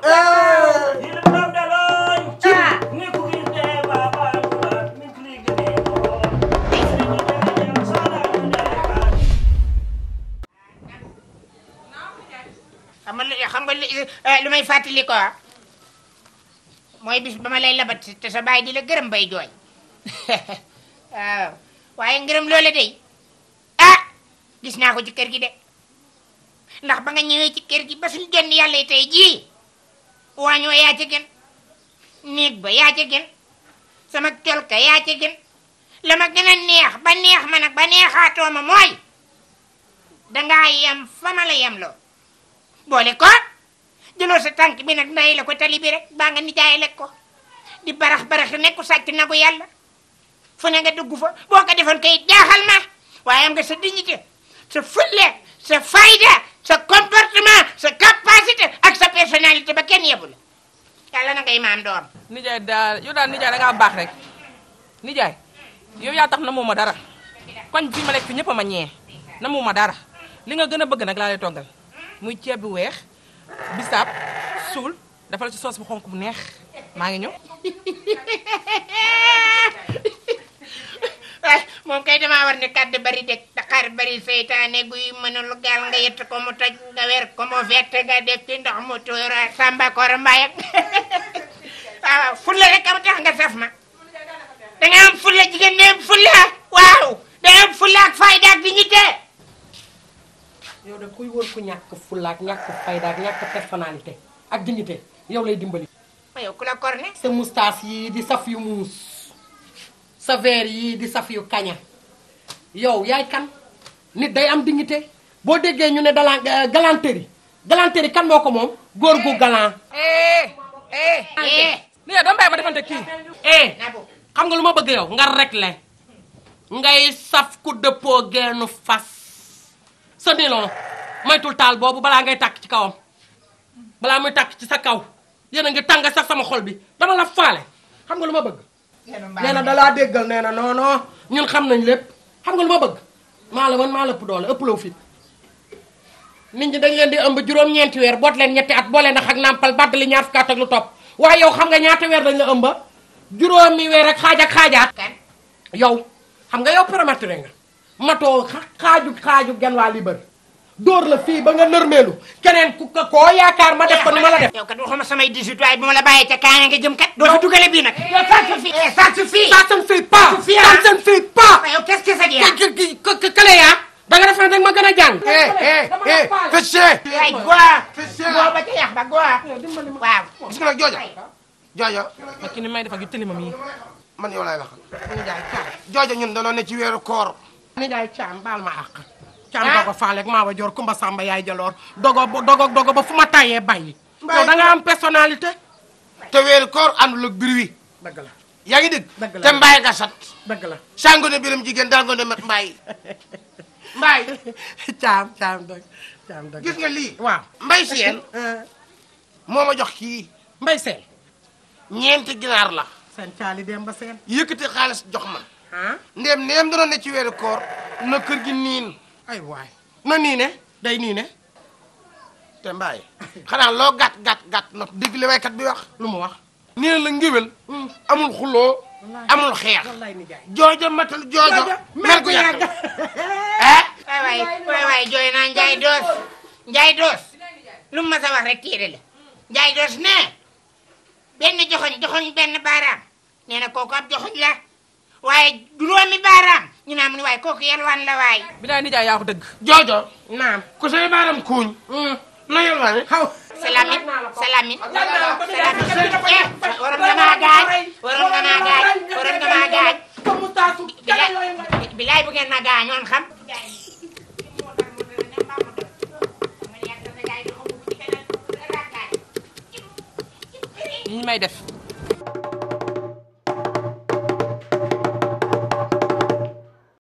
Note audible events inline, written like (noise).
Ah. xam nga li eh, lu may fàttali ko mooy bis ba ma lay labat te sa baay di la gërëm bay jooy (laughs) waaw waaye ngërëm loola day ah gis naa ko ci kër gi de ndax ba nga ñëwee ci kër gi ba suñ genn yàlla tey jii waañ wa yaa ca gën ba yaa ca gën sama kelka yaa ca gën la gën a neex ba neex ma nag ba neexaatoo mooy dangaa yem fa ma la yem boole ko jëloo sa tànk bi nag nday la ko tali bi rek baa nga nijaay lekk ko di barax barax nekku sàcc na ko yàlla fu ne nga dugg fa boo ko defoon kay jaaxal ma waaye am nga sa dignité sa fulle sa fayda sa comportement sa capacité ak sa personnalité ba kenn yebu la yàlla na ngay maam doom. nijaay daal yow daal nijaay da baax rek nijaay yow yaa tax namuma dara koñ bi ma lekk fi ñëpp a ma ñee namuma dara li nga gën a bëgg nag laa lay toggal muy ceeb bu weex bisaab suul dafa la ci soos bu xonq bu neex maa ngi ñëw. waaye (laughs) eh, moom kay damaa war ne kàddu bari dëkk. xar bari seytaane guy mënul gaal nga yett ko mu toj nga wer ko mu vett nga def ci ndox mu tuura samba kor mbaay (laughs) waaw fulla rek am tax nga saf ma danga am fulla jigéen ne am fulla waaw danga am fulla ak fayda ak ñàkk fulla ak ñàkk yow lay dimbali ma yow ku la kor ne sa moustache yi di saf yu muus sa verre yi di saf yu kaña yow yaay kan nit day am dignité boo déggee ñu ne dalan euh, galanterie galanterie kan moo ko moom góor gu galant. Eh, eh, eh. ni yow dama bàyyi defante kii. xam nga lu ma bëgg yow nga réglé ngay saf ku dëppoo geenu fas sa nilon maytul taal boobu balaa ngay tàkk ci kawam balaa muy takk ci sa kaw yéen a ngi tàng sax sama xol bi dama la faale xam nga lu ma bëgg. nee na dalaa déggal nee na non ñun xam nañ lépp xam nga lu ma bëgg. maa la man maa la ëpp doole ëpp law fit nit ñi dañ leen di ëmb juróom-ñeenti weer boot leen ñetti at boole ndax ak nàmpal bàddali ñaar fukki at ak lu topp waaye yow xam nga ñaata weer dañ la ëmba juróomi weer ak xaaj ak xaajaat yow xam nga yow prématuré nga matoo xaaju xaaju gen waa libar dóor la fii ba nga nërmeelu keneen ku ko koo yaakaar ma def ko nu ma la def. yow kat samay 18 waaye bu ma la bàyyee ca kaay nga jëm kat. doo fi dugale bii nag. yow saa su fi. eh eh fëccee. ay góor. fëccee góor ba ca yàq ba góor. waaw. gis nga nag jooja. jooja. ma ki ni may def ak yu tëlimam yi. man yow laay wax. Ndiaye Thiam. jooja ñun danoo ne ci weeru koor. Ndiaye Thiam baal ma àq. Thiam ah? dogo faaleeg maa ba joor Kumba Samba yaay jaloor dogo dogo dogo ba fu ma tayee bàyyi. yow da nga am personnalité. te weeru koor àndul ak biir wi. dëgg la yaa ngi dégg. dëgg la te mbaay nga sat. dëgg la sàngo ne biram jigéen daa ngo ne mat mbaay. (laughs) mbaay (laughs) caam caam dog caam dog gis nga lii waaw mbay seen euh, moo ma jox kii mbay seen ñeenti ginaar la seen caali dem ba seen yëkkati xaalis jox man ndéem ndéem danoon ne ci weeru koor na kër gi niin ay waay na nii ne day nii ne te mbaay xanaa loo gàtt gàtt gàtt not dégg li waykat bi wax lu mu wax nee la ngéwél hmm. amul xuloo amul xeex joojo matal joojo mer ko yàq ah (laughs) eh? waay waay waay jooy naa njaay doos njaay lu ma sa wax rek téere la njaay doos ne benn joxoñ joxoñ benn baaraam nee na kooku ab joxoñ la waaye juróomi baaraam ñu naan mu ne waaye la waay. bi daay nijaay ko dëgg. joojo naam ku say baaraam kuuñ. Mm. na yelwaan xaw. Salamit Salamit Salamit waroon nga maa gaaj waroon nga maa gaaj waroon nga maa gaaj bilaay bu ngeen ma gaañoon xam ñu may def